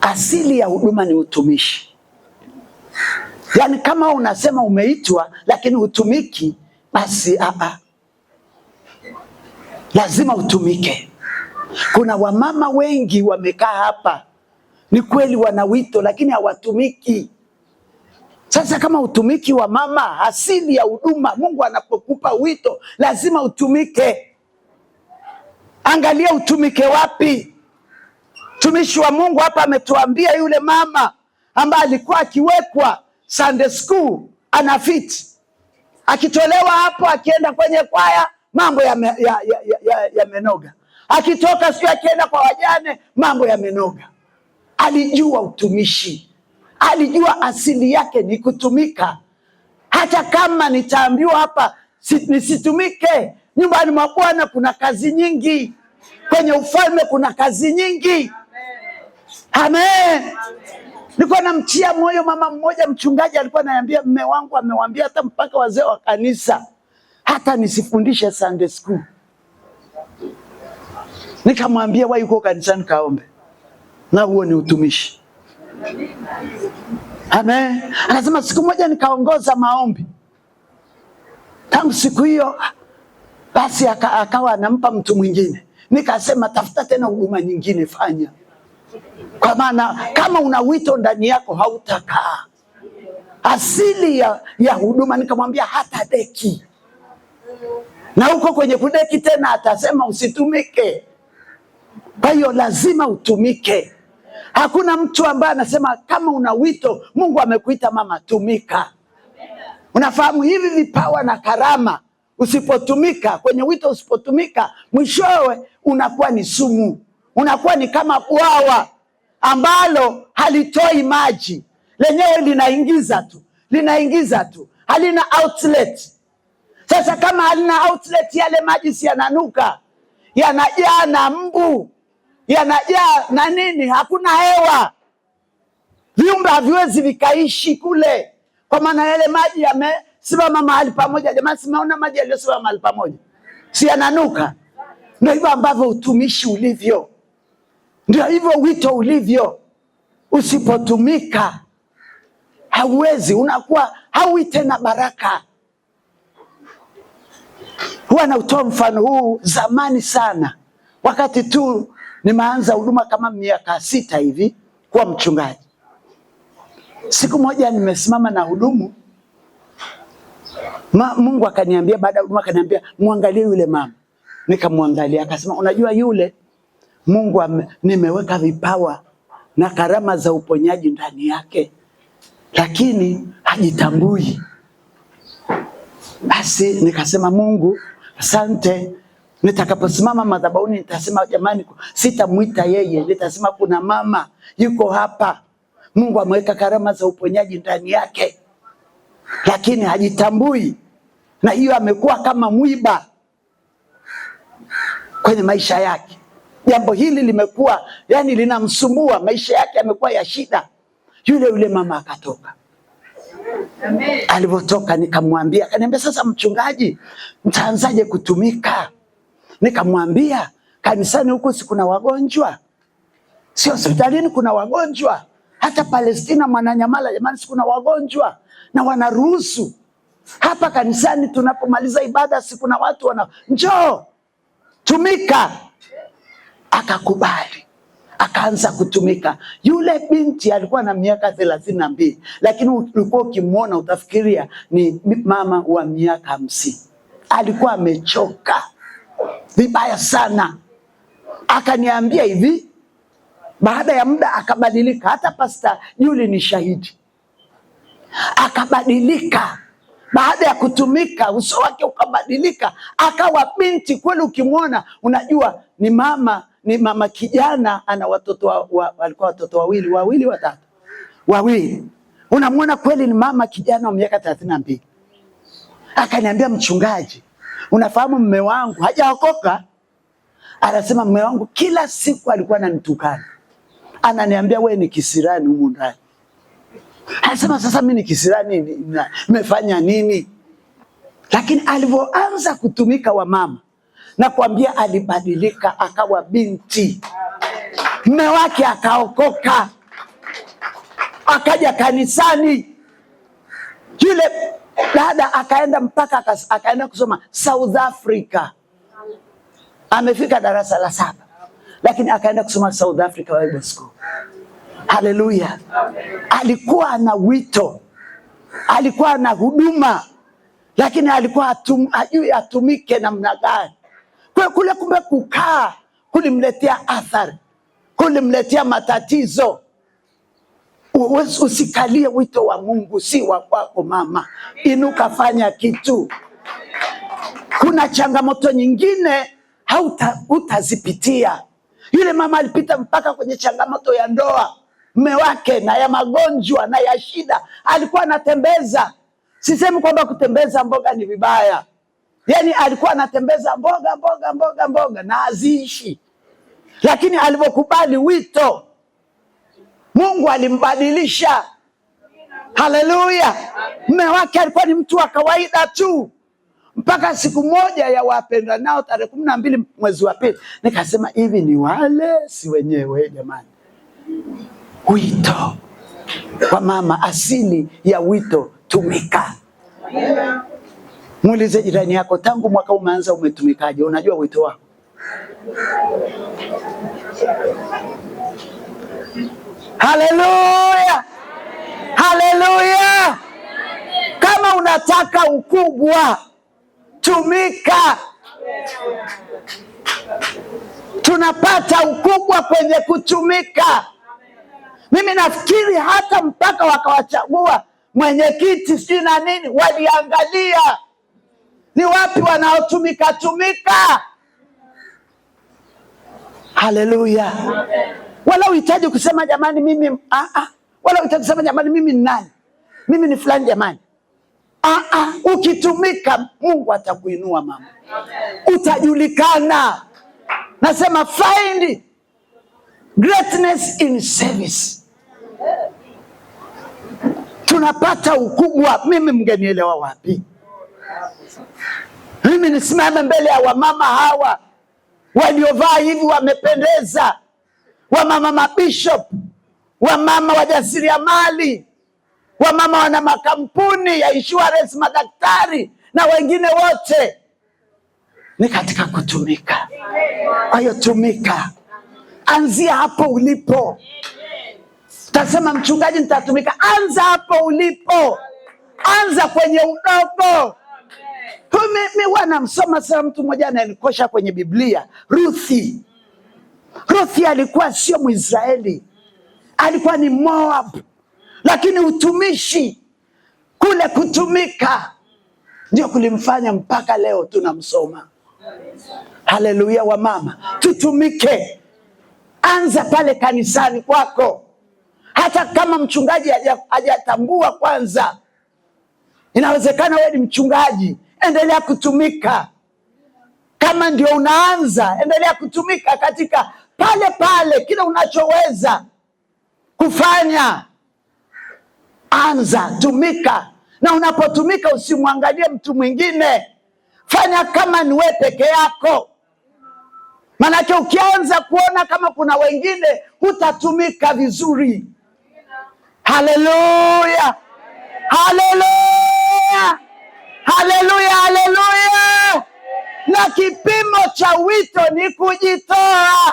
Asili ya huduma ni utumishi. Yaani kama unasema umeitwa lakini hutumiki, basi aa, lazima utumike. Kuna wamama wengi wamekaa hapa, ni kweli wana wito lakini hawatumiki. Sasa kama utumiki wa mama, asili ya huduma, Mungu anapokupa wito lazima utumike. Angalia utumike wapi. Mtumishi wa Mungu hapa ametuambia yule mama ambaye alikuwa akiwekwa Sunday school anafiti, akitolewa hapo akienda kwenye kwaya mambo yamenoga ya, ya, ya, ya akitoka sio, akienda kwa wajane mambo yamenoga. Alijua utumishi, alijua asili yake ni kutumika. Hata kama nitaambiwa hapa nisitumike, nyumbani mwa Bwana kuna kazi nyingi, kwenye ufalme kuna kazi nyingi. Amen. Nilikuwa namtia moyo mama mmoja mchungaji alikuwa ananiambia, mme wangu amewambia hata mpaka wazee wa kanisa hata nisifundishe Sunday school. Nikamwambia wewe uko kanisani kaombe, na huo ni utumishi. Amen. Anasema siku moja nikaongoza maombi, tangu siku hiyo basi akawa anampa mtu mwingine, nikasema tafuta tena huduma nyingine fanya kwa maana kama una wito ndani yako hautakaa. Asili ya, ya huduma nikamwambia hata deki na huko kwenye kudeki tena atasema usitumike. Kwa hiyo lazima utumike. Hakuna mtu ambaye anasema kama una wito, Mungu amekuita mama, tumika. Unafahamu hivi vipawa na karama, usipotumika kwenye wito, usipotumika mwishowe unakuwa ni sumu unakuwa ni kama bwawa ambalo halitoi maji, lenyewe linaingiza tu, linaingiza tu, halina outlet. Sasa kama halina outlet, yale maji si yananuka, yanajaa na mbu, yanajaa na nini, hakuna hewa, viumbe haviwezi vikaishi kule, kwa maana yale maji yamesimama mahali pamoja. Jamani, simeona maji yaliyosimama mahali pamoja, si yananuka? Ndio hivyo ambavyo utumishi ulivyo. Ndio hivyo wito ulivyo, usipotumika hauwezi, unakuwa hawi tena baraka. Huwa nautoa mfano huu zamani sana, wakati tu nimeanza huduma kama miaka sita hivi kuwa mchungaji. Siku moja nimesimama na hudumu Ma, Mungu akaniambia baada ya huduma akaniambia, mwangalie yule mama. Nikamwangalia akasema, unajua yule Mungu nimeweka vipawa na karama za uponyaji ndani yake, lakini hajitambui. Basi nikasema Mungu, asante. Nitakaposimama madhabahuni nitasema, jamani, sitamwita yeye, nitasema kuna mama yuko hapa, Mungu ameweka karama za uponyaji ndani yake, lakini hajitambui, na hiyo amekuwa kama mwiba kwenye maisha yake jambo hili limekuwa yani linamsumbua, maisha yake yamekuwa ya shida. Yule yule mama akatoka. Alivyotoka nikamwambia, kaniambia sasa mchungaji, mtaanzaje kutumika? Nikamwambia, kanisani huku si kuna wagonjwa, si hospitalini kuna wagonjwa, hata Palestina Mwananyamala, jamani, si kuna wagonjwa na wanaruhusu hapa kanisani tunapomaliza ibada, si kuna watu wana njoo tumika akakubali akaanza kutumika. Yule binti alikuwa na miaka thelathini na mbili, lakini ulikuwa ukimwona utafikiria ni mama wa miaka hamsini. Alikuwa amechoka vibaya sana. Akaniambia hivi, baada ya muda akabadilika. Hata Pasta Juli ni shahidi, akabadilika baada ya kutumika, uso wake ukabadilika, akawa binti kweli. Ukimwona unajua ni mama ni mama kijana ana watoto wa, walikuwa watoto wawili wawili watatu wawili. Unamwona kweli ni mama kijana wa miaka thelathini na mbili. Akaniambia, mchungaji, unafahamu mme wangu hajaokoka. Anasema mme wangu kila siku alikuwa ananitukana, ananiambia we ni kisirani humu ndani. Anasema sasa mimi ni kisirani, nimefanya nini? Lakini alivyoanza kutumika wamama Nakwambia alibadilika akawa binti, mme wake akaokoka, akaja kanisani. Yule dada akaenda mpaka akaenda kusoma South Africa, amefika darasa la saba, lakini akaenda kusoma South Africa Bible School. Haleluya! alikuwa na wito, alikuwa na huduma, lakini alikuwa hajui atum, atumike namna gani. Kwa kule kumbe kukaa kulimletea athari, kulimletea matatizo. Usikalie wito wa Mungu, si wa kwako mama. Inuka, fanya kitu. Kuna changamoto nyingine utazipitia Yule mama alipita mpaka kwenye changamoto ya ndoa, mme wake, na ya magonjwa na ya shida, alikuwa anatembeza. Sisemi kwamba kutembeza mboga ni vibaya yani alikuwa anatembeza mboga mboga mboga mboga na aziishi lakini alivyokubali wito Mungu alimbadilisha. Haleluya! Mme wake alikuwa ni mtu wa kawaida tu, mpaka siku moja ya wapenda nao tarehe kumi na mbili mwezi wa pili nikasema hivi, ni wale si wenyewe jamani. Wito kwa mama, asili ya wito tumika. Muulize jirani yako, tangu mwaka umeanza umetumikaje? Unajua wito wako? Haleluya, haleluya! Kama unataka ukubwa, tumika. Tunapata ukubwa kwenye kutumika. Mimi nafikiri hata mpaka wakawachagua mwenyekiti, sijui na nini, waliangalia ni wapi wanaotumika tumika? Haleluya! Wala uhitaji kusema jamani, mimi ah, ah. Wala uhitaji kusema jamani, mimi ni nani? Mimi ni fulani jamani. Ah, Ukitumika Mungu atakuinua mama, utajulikana. Nasema find greatness in service, tunapata ukubwa. Mimi mgenielewa wapi? Mimi nisimame mbele ya wamama hawa waliovaa hivi, wamependeza, wamama mabishop, wamama wajasiriamali, wamama wana makampuni ya insurance, madaktari na wengine wote ni katika kutumika. Kwa tumika, anzia hapo ulipo. Utasema mchungaji, nitatumika. Anza hapo ulipo, anza kwenye udogo. Mi namsoma sana mtu mmoja ananikosha kwenye Biblia, Ruthi. Ruthi alikuwa sio Mwisraeli, alikuwa ni Moab, lakini utumishi kule, kutumika ndio kulimfanya mpaka leo tunamsoma. Haleluya! Wa mama, tutumike. Anza pale kanisani kwako, hata kama mchungaji hajatambua kwanza. Inawezekana wewe ni mchungaji endelea kutumika. Kama ndio unaanza, endelea kutumika katika pale pale, kile unachoweza kufanya, anza, tumika. Na unapotumika usimwangalie mtu mwingine, fanya kama ni wewe peke yako, maanake ukianza kuona kama kuna wengine, hutatumika vizuri. Haleluya, haleluya. Haleluya, haleluya! Na kipimo cha wito ni kujitoa.